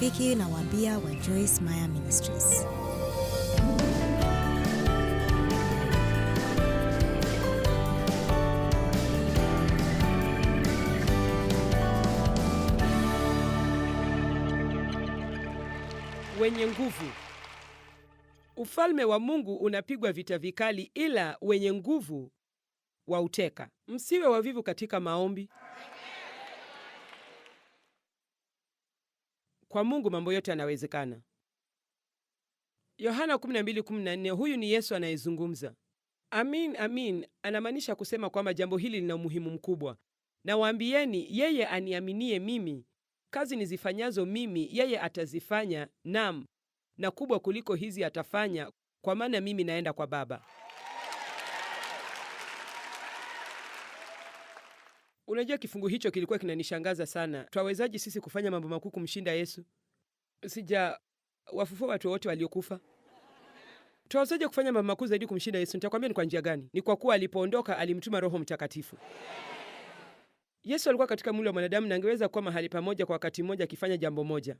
rafiki na wabia wa Joyce Meyer Ministries. Wenye nguvu. Ufalme wa Mungu unapigwa vita vikali, ila wenye nguvu wa uteka Msiwe wavivu katika maombi. Kwa Mungu mambo yote yanawezekana. Yohana 12:14, huyu ni Yesu anayezungumza. Amin, amin anamaanisha kusema kwamba jambo hili lina umuhimu mkubwa. Nawaambieni, yeye aniaminie mimi, kazi nizifanyazo mimi yeye atazifanya, nam na kubwa kuliko hizi atafanya, kwa maana mimi naenda kwa Baba. Unajua, kifungu hicho kilikuwa kinanishangaza sana. Twawezaji sisi kufanya mambo makuu kumshinda Yesu? Sija wafufua watu wote waliokufa. Twawezaje kufanya mambo makuu zaidi kumshinda Yesu? Nitakwambia ni kwa njia gani. Ni kwa kuwa alipoondoka alimtuma Roho Mtakatifu. Yesu alikuwa katika mwili wa mwanadamu na angeweza kuwa mahali pamoja kwa wakati mmoja akifanya jambo moja,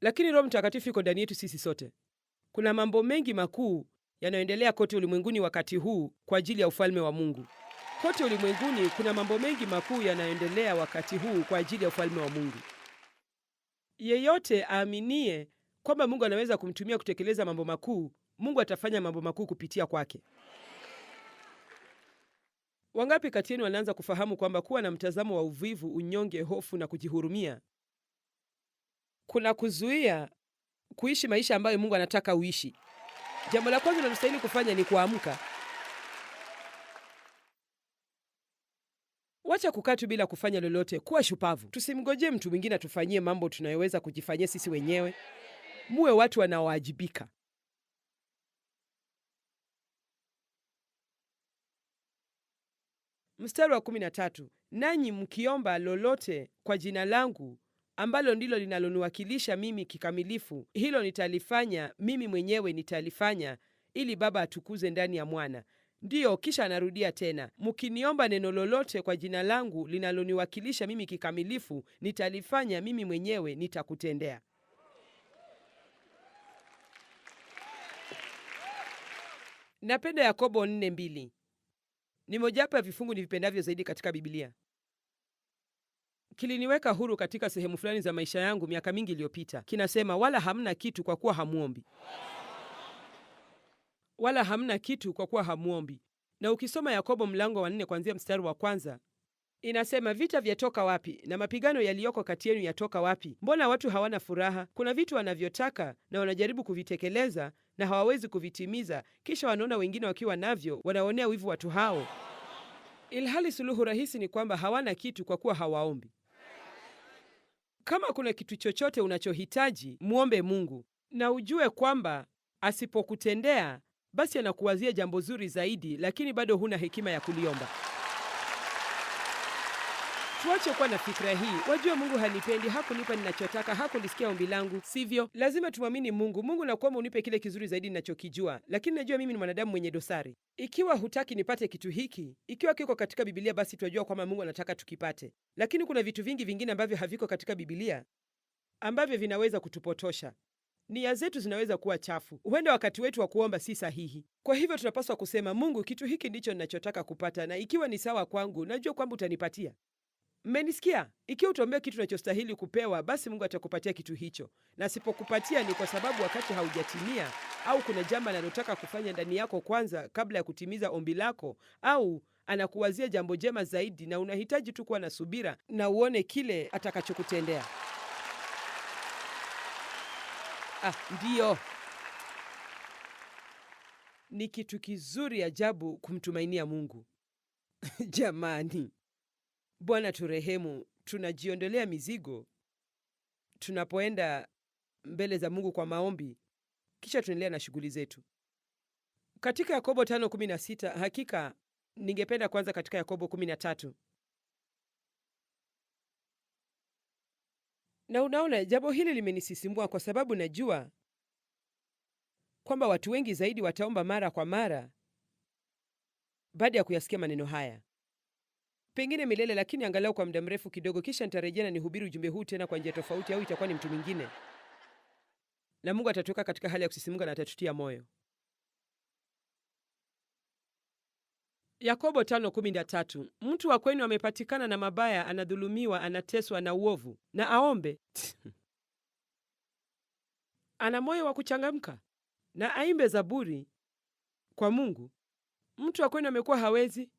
lakini Roho Mtakatifu iko ndani yetu sisi sote. Kuna mambo mengi makuu yanayoendelea kote ulimwenguni wakati huu kwa ajili ya ufalme wa Mungu. Kote ulimwenguni kuna mambo mengi makuu yanayoendelea wakati huu kwa ajili ya ufalme wa Mungu. Yeyote aaminie kwamba Mungu anaweza kumtumia kutekeleza mambo makuu, Mungu atafanya mambo makuu kupitia kwake. Wangapi kati yenu wanaanza kufahamu kwamba kuwa na mtazamo wa uvivu, unyonge, hofu na kujihurumia kuna kuzuia kuishi maisha ambayo Mungu anataka uishi? Jambo la kwanza unalostahili kufanya ni kuamka. Wacha kukaa tu bila kufanya lolote. Kuwa shupavu, tusimgojee mtu mwingine atufanyie mambo tunayoweza kujifanyia sisi wenyewe. Muwe watu wanaowajibika. Mstari wa kumi na tatu, nanyi mkiomba lolote kwa jina langu ambalo ndilo linaloniwakilisha mimi kikamilifu, hilo nitalifanya mimi mwenyewe, nitalifanya ili Baba atukuze ndani ya Mwana. Ndiyo, kisha anarudia tena, mkiniomba neno lolote kwa jina langu linaloniwakilisha mimi kikamilifu, nitalifanya mimi mwenyewe, nitakutendea. Napenda Yakobo 4:2. Ni mojawapo ya vifungu nivipendavyo zaidi katika Biblia. Kiliniweka huru katika sehemu fulani za maisha yangu miaka mingi iliyopita. Kinasema, wala hamna kitu kwa kuwa hamwombi wala hamna kitu kwa kuwa hamuombi. Na ukisoma Yakobo mlango wa nne kuanzia mstari wa kwanza inasema vita vyatoka wapi? Na mapigano yaliyoko kati yenu yatoka wapi? Mbona watu hawana furaha? Kuna vitu wanavyotaka na wanajaribu kuvitekeleza na hawawezi kuvitimiza, kisha wanaona wengine wakiwa navyo, wanaonea wivu watu hao, ilhali suluhu rahisi ni kwamba hawana kitu kwa kuwa hawaombi. Kama kuna kitu chochote unachohitaji, muombe Mungu na ujue kwamba asipokutendea basi anakuwazia jambo zuri zaidi, lakini bado huna hekima ya kuliomba. Tuache kuwa na fikra hii, wajua Mungu hanipendi, hakunipa ninachotaka, hakulisikia ombi langu, sivyo? Lazima tumwamini Mungu. Mungu, nakuomba unipe kile kizuri zaidi ninachokijua, lakini najua mimi ni mwanadamu mwenye dosari. Ikiwa hutaki nipate kitu hiki, ikiwa kiko katika Bibilia, basi twajua kwamba Mungu anataka tukipate, lakini kuna vitu vingi vingine ambavyo haviko katika Bibilia ambavyo vinaweza kutupotosha. Nia zetu zinaweza kuwa chafu, huenda wakati wetu wa kuomba si sahihi. Kwa hivyo tunapaswa kusema, Mungu, kitu hiki ndicho ninachotaka kupata, na ikiwa ni sawa kwangu, najua kwamba utanipatia. Mmenisikia? Ikiwa utaombea kitu unachostahili kupewa, basi Mungu atakupatia kitu hicho, na asipokupatia ni kwa sababu wakati haujatimia au kuna jambo analotaka kufanya ndani yako kwanza kabla ya kutimiza ombi lako, au anakuwazia jambo jema zaidi, na unahitaji tu kuwa na subira na uone kile atakachokutendea. Ah, ndiyo, ni kitu kizuri ajabu kumtumainia Mungu. Jamani, Bwana turehemu, tunajiondolea mizigo tunapoenda mbele za Mungu kwa maombi, kisha tunaendelea na shughuli zetu. Katika Yakobo 5:16 hakika ningependa kwanza katika Yakobo 13 Na unaona, jambo hili limenisisimua kwa sababu najua kwamba watu wengi zaidi wataomba mara kwa mara baada ya kuyasikia maneno haya, pengine milele, lakini angalau kwa muda mrefu kidogo. Kisha nitarejea na nihubiri ujumbe huu tena kwa njia tofauti, au itakuwa ni mtu mwingine, na Mungu atatuweka katika hali ya kusisimka na atatutia moyo. Yakobo 5:13 Mtu wa kwenu amepatikana na mabaya, anadhulumiwa, anateswa na uovu, na aombe ana moyo wa kuchangamka na aimbe zaburi kwa Mungu. Mtu wa kwenu amekuwa hawezi,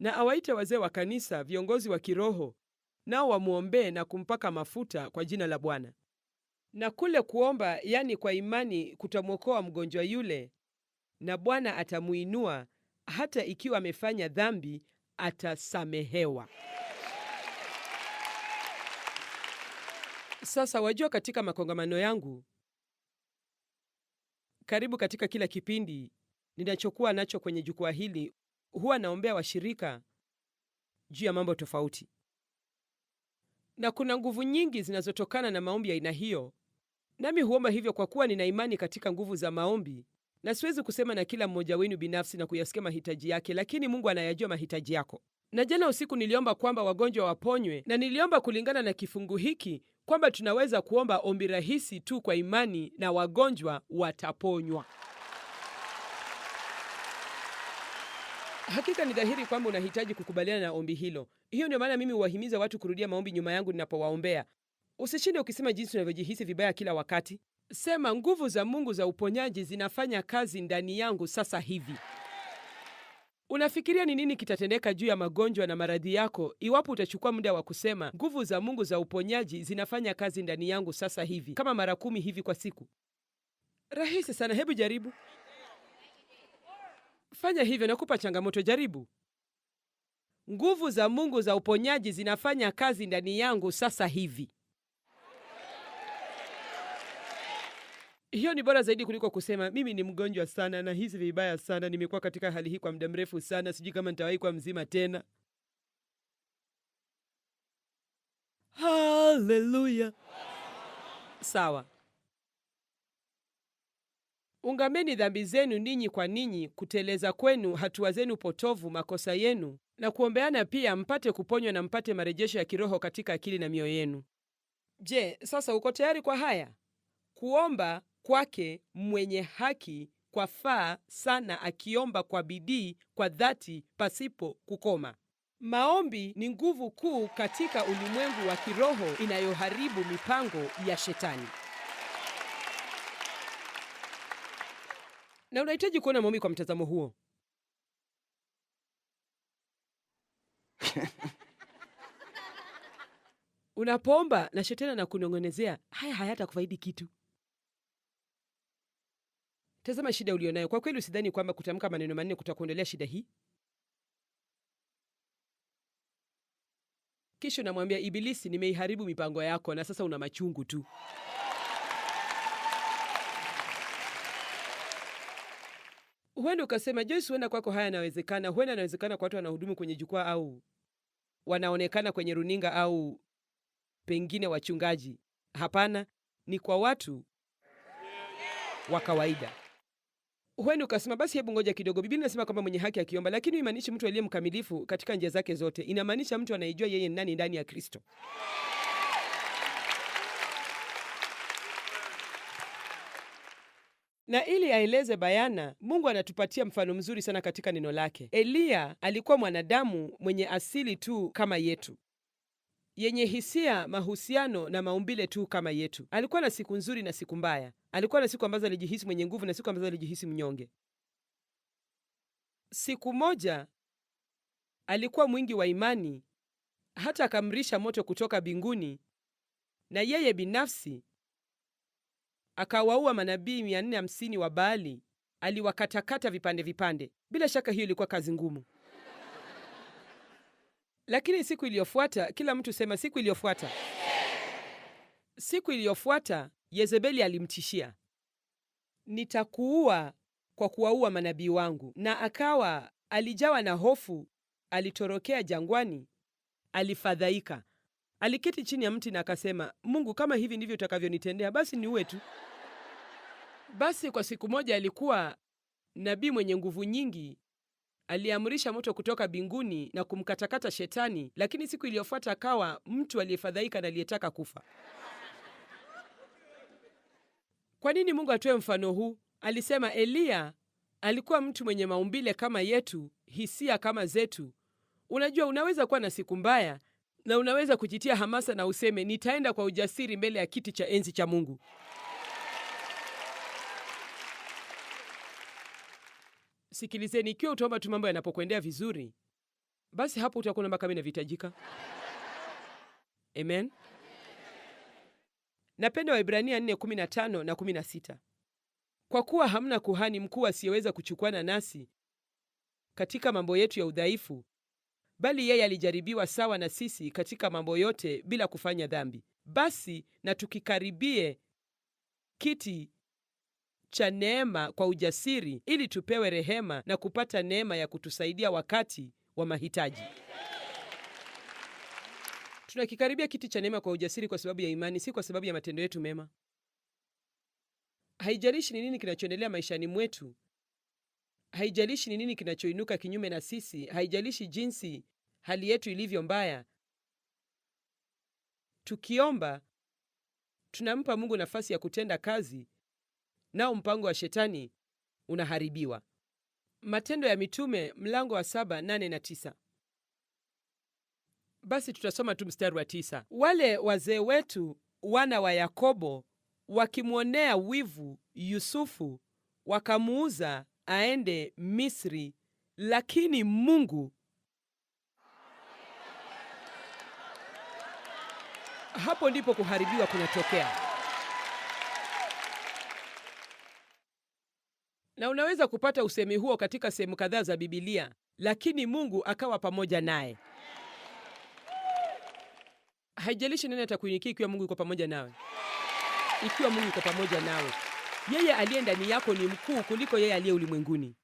na awaite wazee wa kanisa, viongozi wa kiroho, nao wamwombee na kumpaka mafuta kwa jina la Bwana. Na kule kuomba, yani kwa imani, kutamwokoa mgonjwa yule, na Bwana atamuinua hata ikiwa amefanya dhambi atasamehewa. Sasa wajua, katika makongamano yangu karibu katika kila kipindi ninachokuwa nacho kwenye jukwaa hili, huwa naombea washirika juu ya mambo tofauti, na kuna nguvu nyingi zinazotokana na maombi ya aina hiyo. Nami huomba hivyo kwa kuwa nina imani katika nguvu za maombi na siwezi kusema na kila mmoja wenu binafsi na kuyasikia mahitaji yake, lakini Mungu anayajua mahitaji yako. Na jana usiku niliomba kwamba wagonjwa waponywe, na niliomba kulingana na kifungu hiki kwamba tunaweza kuomba ombi rahisi tu kwa imani na wagonjwa wataponywa. Hakika ni dhahiri kwamba unahitaji kukubaliana na ombi hilo. Hiyo ndio maana mimi huwahimiza watu kurudia maombi nyuma yangu ninapowaombea. Usishinde ukisema jinsi unavyojihisi vibaya kila wakati. Sema, nguvu za Mungu za uponyaji zinafanya kazi ndani yangu sasa hivi. Unafikiria ni nini kitatendeka juu ya magonjwa na maradhi yako iwapo utachukua muda wa kusema, nguvu za Mungu za uponyaji zinafanya kazi ndani yangu sasa hivi, kama mara kumi hivi kwa siku? Rahisi sana. Hebu jaribu, fanya hivyo. Nakupa changamoto, jaribu. Nguvu za Mungu za uponyaji zinafanya kazi ndani yangu sasa hivi. Hiyo ni bora zaidi kuliko kusema mimi ni mgonjwa sana, na hizi vibaya sana, nimekuwa katika hali hii kwa muda mrefu sana, sijui kama nitawahi kuwa mzima tena. Haleluya! Sawa, ungameni dhambi zenu ninyi kwa ninyi, kuteleza kwenu, hatua zenu potovu, makosa yenu, na kuombeana pia, mpate kuponywa na mpate marejesho ya kiroho katika akili na mioyo yenu. Je, sasa uko tayari kwa haya? Kuomba kwake mwenye haki kwa faa sana, akiomba kwa bidii kwa dhati pasipo kukoma. Maombi ni nguvu kuu katika ulimwengu wa kiroho inayoharibu mipango ya Shetani. Na unahitaji kuona maombi kwa mtazamo huo. Unapoomba na Shetani anakunong'onezea, haya hayatakufaidi kitu. Tazama shida ulionayo. Kwa kweli, usidhani kwamba kutamka maneno manne kutakuondolea shida hii. Kisha unamwambia Ibilisi, nimeiharibu mipango yako na sasa una machungu tu. Huenda ukasema Joyce, huenda kwako haya yanawezekana. Huenda yanawezekana kwa watu wanahudumu kwenye jukwaa au wanaonekana kwenye runinga au pengine wachungaji. Hapana, ni kwa watu wa kawaida huenda ukasema basi, hebu ngoja kidogo. Biblia inasema kwamba mwenye haki akiomba, lakini imaanishi mtu aliye mkamilifu katika njia zake zote. Inamaanisha mtu anayejua yeye nani ndani ya Kristo. na ili aeleze bayana, Mungu anatupatia mfano mzuri sana katika neno lake. Eliya alikuwa mwanadamu mwenye asili tu kama yetu, yenye hisia, mahusiano na maumbile tu kama yetu. Alikuwa na siku nzuri na siku mbaya, alikuwa na siku ambazo alijihisi mwenye nguvu na siku ambazo alijihisi mnyonge. Siku moja alikuwa mwingi wa imani, hata akamrisha moto kutoka binguni, na yeye binafsi akawaua manabii hamsini wa Baali, aliwakatakata vipande vipande. Bila shaka hiyo ilikuwa kazi ngumu. Lakini siku iliyofuata, kila mtu sema siku iliyofuata, siku iliyofuata Yezebeli alimtishia, nitakuua kwa kuwaua manabii wangu. Na akawa alijawa na hofu, alitorokea jangwani, alifadhaika, aliketi chini ya mti na akasema, Mungu, kama hivi ndivyo utakavyonitendea, basi niuwe tu. Basi kwa siku moja alikuwa nabii mwenye nguvu nyingi aliamrisha moto kutoka binguni na kumkatakata Shetani, lakini siku iliyofuata akawa mtu aliyefadhaika na aliyetaka kufa. Kwa nini Mungu atoe mfano huu? Alisema Eliya alikuwa mtu mwenye maumbile kama yetu, hisia kama zetu. Unajua, unaweza kuwa na siku mbaya na unaweza kujitia hamasa na useme nitaenda kwa ujasiri mbele ya kiti cha enzi cha Mungu. Sikilizeni, ikiwa utaomba tu mambo yanapokuendea vizuri, basi hapo utakuwa na makamina vitajika. Amen. Napenda Waibrania 4 15 na 16: kwa kuwa hamna kuhani mkuu asiyeweza kuchukuana nasi katika mambo yetu ya udhaifu, bali yeye alijaribiwa sawa na sisi katika mambo yote bila kufanya dhambi. Basi na tukikaribie kiti cha neema kwa ujasiri, ili tupewe rehema na kupata neema ya kutusaidia wakati wa mahitaji. Tunakikaribia kiti cha neema kwa ujasiri kwa sababu ya imani, si kwa sababu ya matendo yetu mema. Haijalishi ni nini kinachoendelea maishani mwetu, haijalishi ni nini kinachoinuka kinyume na sisi, haijalishi jinsi hali yetu ilivyo mbaya, tukiomba tunampa Mungu nafasi ya kutenda kazi nao mpango wa shetani unaharibiwa. Matendo ya Mitume mlango wa saba, nane na tisa. Basi tutasoma tu mstari wa tisa. Wale wazee wetu wana wa Yakobo wakimwonea wivu Yusufu wakamuuza aende Misri, lakini Mungu hapo ndipo kuharibiwa kunatokea. na unaweza kupata usemi huo katika sehemu kadhaa za Bibilia, lakini Mungu akawa pamoja naye. Haijalishi nani atakuinyikia, ikiwa Mungu yuko pamoja nawe, ikiwa Mungu yuko pamoja nawe, yeye aliye ndani yako ni mkuu kuliko yeye aliye ulimwenguni.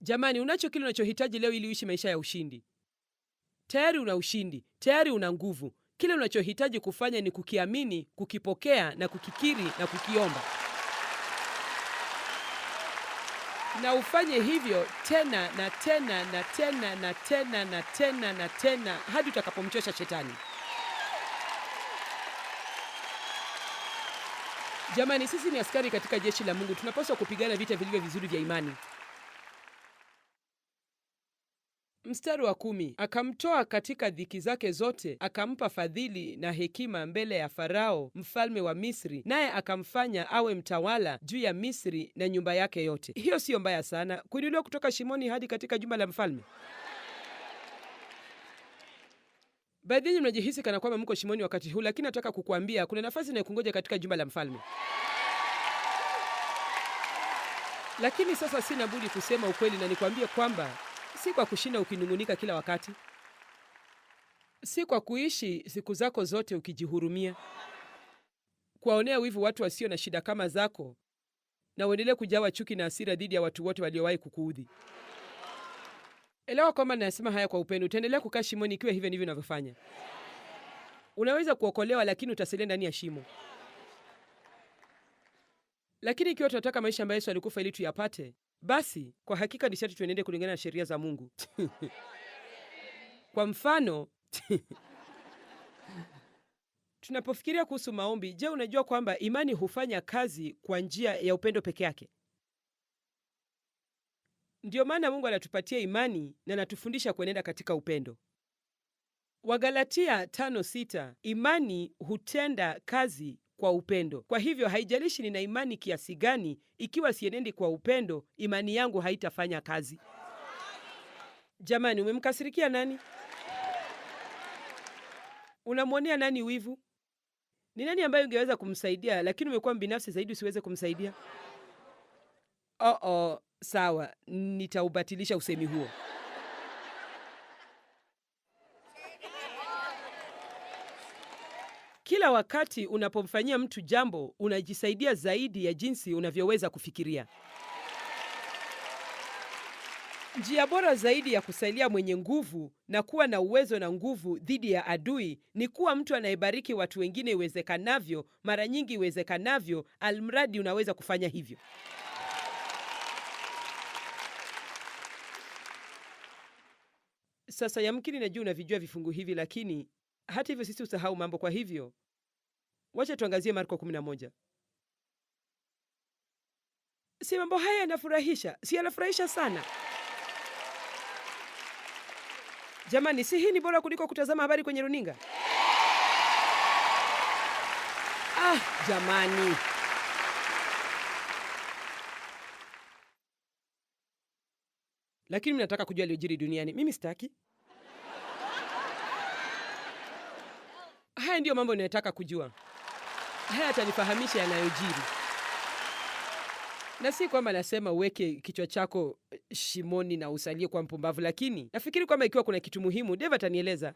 Jamani, unacho kile unachohitaji leo ili uishi maisha ya ushindi. Tayari una ushindi, tayari una nguvu. Kile unachohitaji kufanya ni kukiamini, kukipokea na kukikiri na kukiomba. na ufanye hivyo tena na tena na tena na tena na tena na tena hadi utakapomchosha shetani. Jamani, sisi ni askari katika jeshi la Mungu, tunapaswa kupigana vita vilivyo vizuri vya imani. Mstari wa kumi, akamtoa katika dhiki zake zote, akampa fadhili na hekima mbele ya Farao mfalme wa Misri, naye akamfanya awe mtawala juu ya Misri na nyumba yake yote. Hiyo siyo mbaya sana, kuinuliwa kutoka shimoni hadi katika jumba la mfalme. Baadhi yenu mnajihisi kana kwamba mko shimoni wakati huu, lakini nataka kukuambia kuna nafasi inayokungoja katika jumba la mfalme. Lakini sasa sina budi kusema ukweli na nikwambie kwamba si kwa kushinda ukinung'unika kila wakati, si kwa kuishi siku zako zote ukijihurumia, kuwaonea wivu watu wasio na shida kama zako, na uendelee kujawa chuki na hasira dhidi ya watu wote waliowahi kukuudhi. Elewa kwamba nayasema haya kwa upendo. Utaendelea kukaa shimoni ikiwa hivyo ndivyo unavyofanya. Unaweza kuokolewa, lakini utasalia ndani ya shimo. Lakini ikiwa tunataka maisha ambayo Yesu alikufa ili tuyapate, basi kwa hakika ni sharti tuenende kulingana na sheria za Mungu. Kwa mfano tunapofikiria kuhusu maombi, je, unajua kwamba imani hufanya kazi kwa njia ya upendo peke yake? Ndiyo maana Mungu anatupatia imani na anatufundisha kuenenda katika upendo. Wagalatia 5:6, imani hutenda kazi kwa upendo. Kwa hivyo haijalishi nina imani kiasi gani, ikiwa sienendi kwa upendo, imani yangu haitafanya kazi. Jamani, umemkasirikia nani? Unamwonea nani wivu? Ni nani ambaye ungeweza kumsaidia, lakini umekuwa mbinafsi zaidi usiweze kumsaidia? Oo, sawa, nitaubatilisha usemi huo. Kila wakati unapomfanyia mtu jambo, unajisaidia zaidi ya jinsi unavyoweza kufikiria. Njia bora zaidi ya kusaidia mwenye nguvu na kuwa na uwezo na nguvu dhidi ya adui ni kuwa mtu anayebariki watu wengine iwezekanavyo, mara nyingi iwezekanavyo, almradi unaweza kufanya hivyo. Sasa yamkini najua unavijua vifungu hivi, lakini hata hivyo sisi usahau mambo. Kwa hivyo Wacha tuangazie Marko 11. Si mambo haya yanafurahisha? Si yanafurahisha sana? Jamani, si hii ni bora kuliko kutazama habari kwenye runinga? Ah, jamani. Lakini mnataka kujua yaliyojiri duniani. Mimi sitaki. Haya ndiyo mambo ninayotaka kujua. Haya atanifahamisha yanayojiri, na si kwamba nasema uweke kichwa chako eh, shimoni na usalie kwa mpumbavu, lakini nafikiri kwamba ikiwa kuna kitu muhimu deva atanieleza.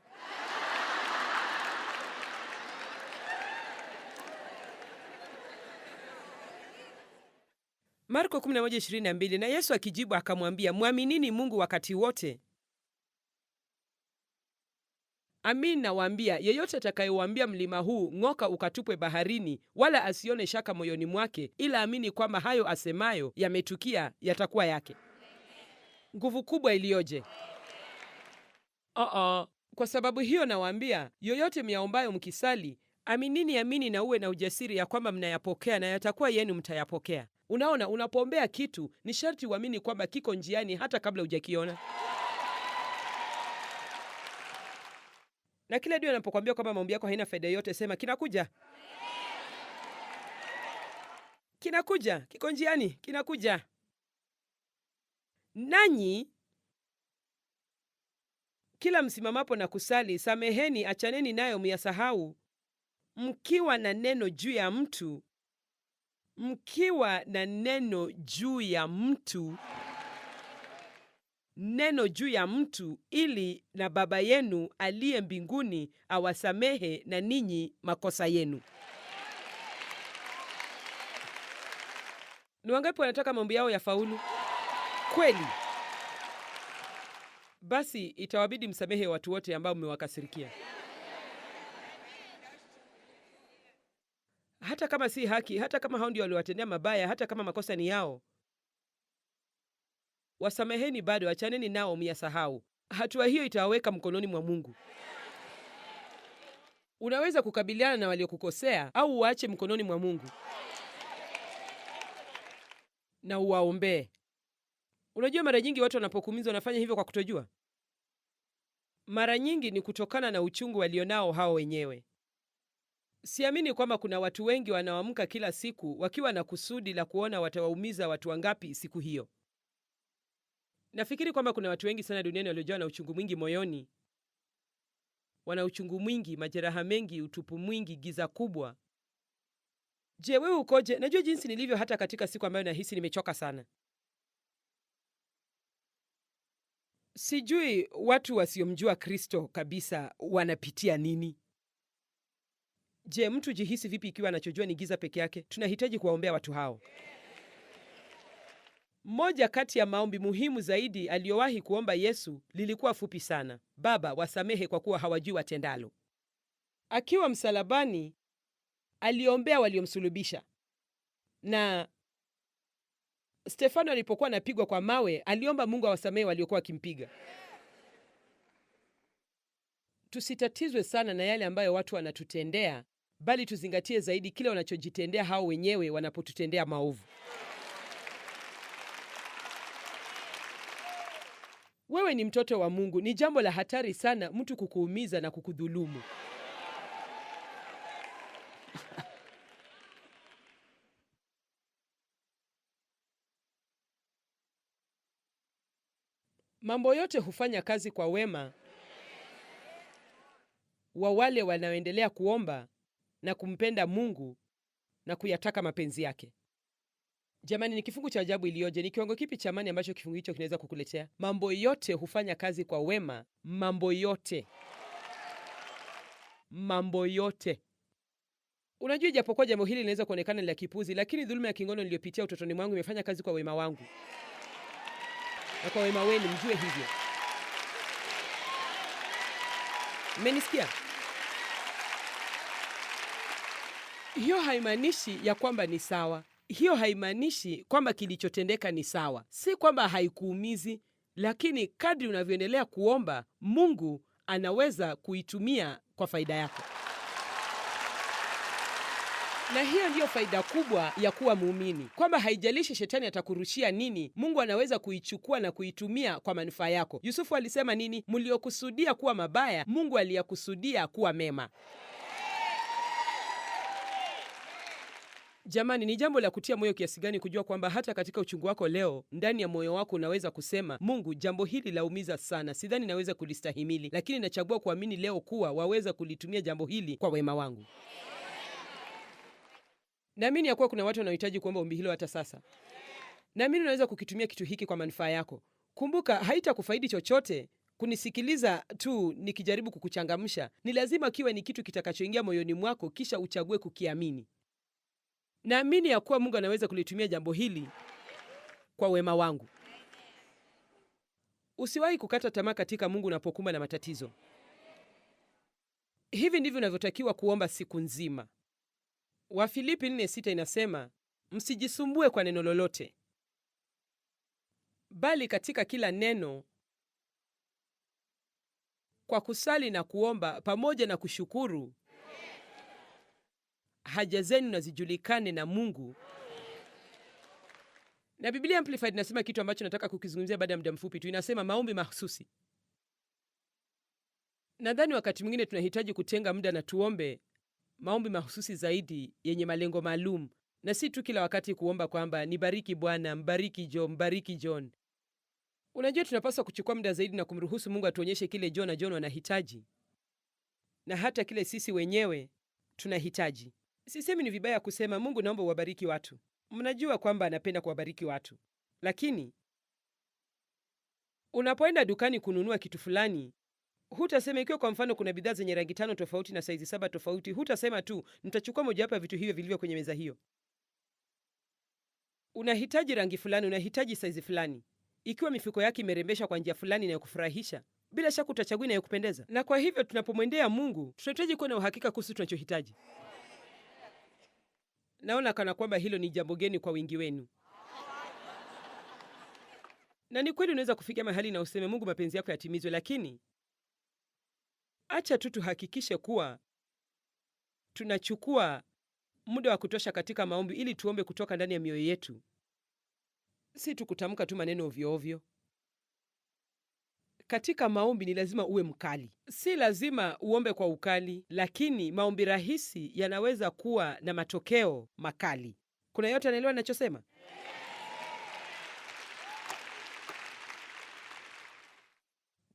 Marko 11:22 na Yesu akijibu akamwambia, mwaminini Mungu wakati wote Amin nawaambia, yeyote atakayewaambia mlima huu ng'oka ukatupwe baharini, wala asione shaka moyoni mwake, ila amini kwamba hayo asemayo yametukia, yatakuwa yake. Nguvu kubwa iliyoje! uh -uh. Kwa sababu hiyo nawaambia, yoyote myaombayo mkisali, aminini, amini na uwe na ujasiri ya kwamba mnayapokea na yatakuwa yenu, mtayapokea. Unaona, unapoombea kitu ni sharti uamini kwamba kiko njiani hata kabla hujakiona. Na kila adui anapokuambia kwamba maombi yako haina faida yoyote, sema kinakuja, kinakuja, kiko njiani, kinakuja. Nanyi kila msimamapo na kusali, sameheni, achaneni nayo, myasahau mkiwa na neno juu ya mtu mkiwa na neno juu ya mtu neno juu ya mtu ili na Baba yenu aliye mbinguni awasamehe na ninyi makosa yenu. Ni wangapi wanataka maombi yao ya faulu kweli? Basi itawabidi msamehe watu wote ambao mmewakasirikia, hata kama si haki, hata kama hao ndio waliwatendea mabaya, hata kama makosa ni yao, wasameheni bado, achaneni nao, myasahau. Hatua hiyo itawaweka mkononi mwa Mungu. Unaweza kukabiliana na waliokukosea au uache mkononi mwa Mungu na uwaombee. Unajua, mara nyingi watu wanapokumizwa wanafanya hivyo kwa kutojua. Mara nyingi ni kutokana na uchungu walionao hao wenyewe. Siamini kwamba kuna watu wengi wanaoamka kila siku wakiwa na kusudi la kuona watawaumiza watu wangapi siku hiyo. Nafikiri kwamba kuna watu wengi sana duniani waliojawa na uchungu mwingi moyoni. Wana uchungu mwingi, majeraha mengi, utupu mwingi, giza kubwa. Je, wewe ukoje? Najua jinsi nilivyo, hata katika siku ambayo nahisi nimechoka sana. Sijui watu wasiomjua Kristo kabisa wanapitia nini. Je, mtu jihisi vipi ikiwa anachojua ni giza peke yake? Tunahitaji kuwaombea watu hao. Mmoja kati ya maombi muhimu zaidi aliyowahi kuomba Yesu lilikuwa fupi sana: Baba, wasamehe kwa kuwa hawajui watendalo. Akiwa msalabani, aliombea waliomsulubisha, na Stefano alipokuwa anapigwa kwa mawe, aliomba Mungu awasamehe waliokuwa wakimpiga. Tusitatizwe sana na yale ambayo watu wanatutendea, bali tuzingatie zaidi kile wanachojitendea hao wenyewe wanapotutendea maovu. Wewe ni mtoto wa Mungu. Ni jambo la hatari sana mtu kukuumiza na kukudhulumu. Mambo yote hufanya kazi kwa wema wa wale wanaoendelea kuomba na kumpenda Mungu na kuyataka mapenzi yake. Jamani, ni kifungu cha ajabu iliyoje! Ni kiwango kipi cha amani ambacho kifungu hicho kinaweza kukuletea? Mambo yote hufanya kazi kwa wema, mambo yote, mambo yote. Unajua, ijapokuwa jambo hili linaweza kuonekana la kipuzi, lakini dhuluma ya kingono niliyopitia utotoni mwangu imefanya kazi kwa wema wangu na kwa wema wenu, mjue hivyo. Mmenisikia? Hiyo haimaanishi ya kwamba ni sawa hiyo haimaanishi kwamba kilichotendeka ni sawa, si kwamba haikuumizi, lakini kadri unavyoendelea kuomba, Mungu anaweza kuitumia kwa faida yako. Na hiyo ndiyo faida kubwa ya kuwa muumini, kwamba haijalishi shetani atakurushia nini, Mungu anaweza kuichukua na kuitumia kwa manufaa yako. Yusufu alisema nini? Mliokusudia kuwa mabaya, Mungu aliyakusudia kuwa mema. Jamani, ni jambo la kutia moyo kiasi gani kujua kwamba hata katika uchungu wako leo, ndani ya moyo wako unaweza kusema, Mungu, jambo hili laumiza sana, sidhani naweza kulistahimili, lakini nachagua kuamini leo kuwa waweza kulitumia jambo hili kwa wema wangu. Naamini ya kuwa kuna watu wanaohitaji kuomba ombi hilo hata sasa. Naamini unaweza kukitumia kitu hiki kwa manufaa yako. Kumbuka, haitakufaidi chochote kunisikiliza tu nikijaribu kukuchangamsha. Ni lazima kiwe ni kitu kitakachoingia moyoni mwako, kisha uchague kukiamini. Naamini ya kuwa Mungu anaweza kulitumia jambo hili kwa wema wangu. Usiwahi kukata tamaa katika Mungu unapokumbana na matatizo. Hivi ndivyo unavyotakiwa kuomba siku nzima. Wafilipi 4:6 inasema, msijisumbue kwa neno lolote, bali katika kila neno kwa kusali na kuomba pamoja na kushukuru haja zenu na zijulikane na Mungu. Na Biblia Amplified inasema kitu ambacho nataka kukizungumzia baada ya muda mfupi tu. Inasema maombi mahususi. Nadhani wakati mwingine tunahitaji kutenga muda na tuombe maombi mahususi zaidi yenye malengo maalum, na si tu kila wakati kuomba kwamba nibariki Bwana, mbariki John, mbariki John. Unajua, tunapaswa kuchukua muda zaidi na kumruhusu Mungu atuonyeshe kile John na John wanahitaji na hata kile sisi wenyewe tunahitaji. Sisemi ni vibaya kusema Mungu, naomba uwabariki watu. Mnajua kwamba anapenda kuwabariki watu, lakini unapoenda dukani kununua kitu fulani, hutasema ikiwa kwa mfano kuna bidhaa zenye rangi tano tofauti na saizi saba tofauti, hutasema tu nitachukua mojawapo ya vitu hivyo vilivyo kwenye meza hiyo. Unahitaji rangi fulani, unahitaji saizi fulani. Ikiwa mifuko yake imerembeshwa kwa njia fulani inayokufurahisha, bila shaka utachagua inayokupendeza. Na kwa hivyo tunapomwendea Mungu tunahitaji kuwa na uhakika kuhusu tunachohitaji. Naona kana kwamba hilo ni jambo geni kwa wingi wenu. Na ni kweli unaweza kufikia mahali na useme Mungu, mapenzi yako yatimizwe, lakini acha tu tuhakikishe kuwa tunachukua muda wa kutosha katika maombi ili tuombe kutoka ndani ya mioyo yetu, si tukutamka tu maneno ovyo ovyo katika maombi ni lazima uwe mkali. Si lazima uombe kwa ukali, lakini maombi rahisi yanaweza kuwa na matokeo makali. Kuna yote anaelewa ninachosema?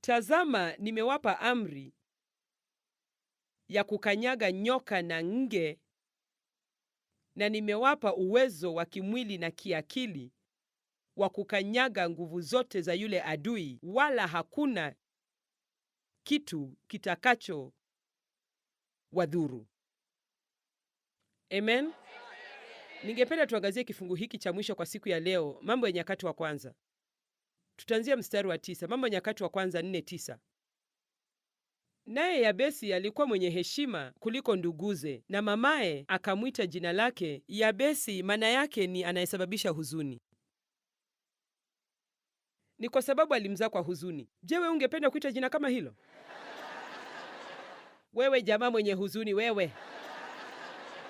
Tazama, nimewapa amri ya kukanyaga nyoka na nge, na nimewapa uwezo wa kimwili na kiakili wa kukanyaga nguvu zote za yule adui, wala hakuna kitu kitakacho wadhuru. Amen. Ningependa tuangazie kifungu hiki cha mwisho kwa siku ya leo, Mambo ya Nyakati wa Kwanza. Tutaanzia mstari wa tisa, Mambo ya Nyakati wa Kwanza nne tisa. Naye Yabesi alikuwa mwenye heshima kuliko nduguze, na mamaye akamwita jina lake Yabesi, maana yake ni anayesababisha huzuni ni kwa sababu alimzaa kwa huzuni. Je, wewe ungependa kuitwa jina kama hilo? Wewe jamaa mwenye huzuni wewe,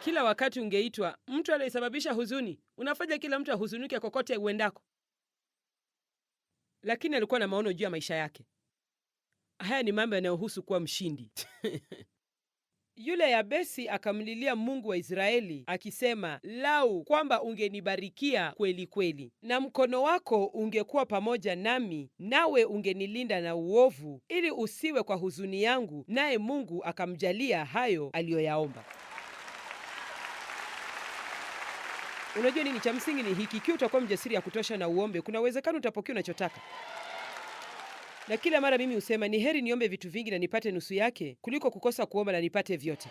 kila wakati ungeitwa mtu anayesababisha huzuni. Unafanya kila mtu ahuzunike kokote uendako. Lakini alikuwa na maono juu ya maisha yake. Haya ni mambo yanayohusu kuwa mshindi. Yule Yabesi akamlilia Mungu wa Israeli akisema, lau kwamba ungenibarikia kweli kweli, na mkono wako ungekuwa pamoja nami, nawe ungenilinda na uovu, ili usiwe kwa huzuni yangu. Naye Mungu akamjalia hayo aliyoyaomba. Unajua nini cha msingi ni hiki: ikiwa utakuwa mjasiri ya kutosha na uombe, kuna uwezekano utapokea unachotaka na kila mara mimi husema ni heri niombe vitu vingi na nipate nusu yake kuliko kukosa kuomba na nipate vyote.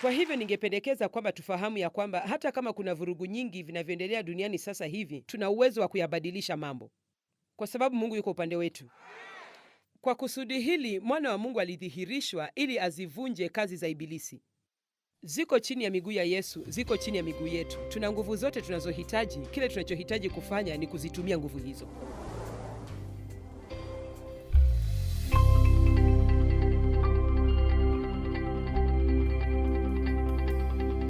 Kwa hivyo ningependekeza kwamba tufahamu ya kwamba hata kama kuna vurugu nyingi vinavyoendelea duniani sasa hivi, tuna uwezo wa kuyabadilisha mambo kwa sababu Mungu yuko upande wetu. Kwa kusudi hili mwana wa Mungu alidhihirishwa ili azivunje kazi za Ibilisi. Ziko chini ya miguu ya Yesu, ziko chini ya miguu yetu. Tuna nguvu zote tunazohitaji. Kile tunachohitaji kufanya ni kuzitumia nguvu hizo.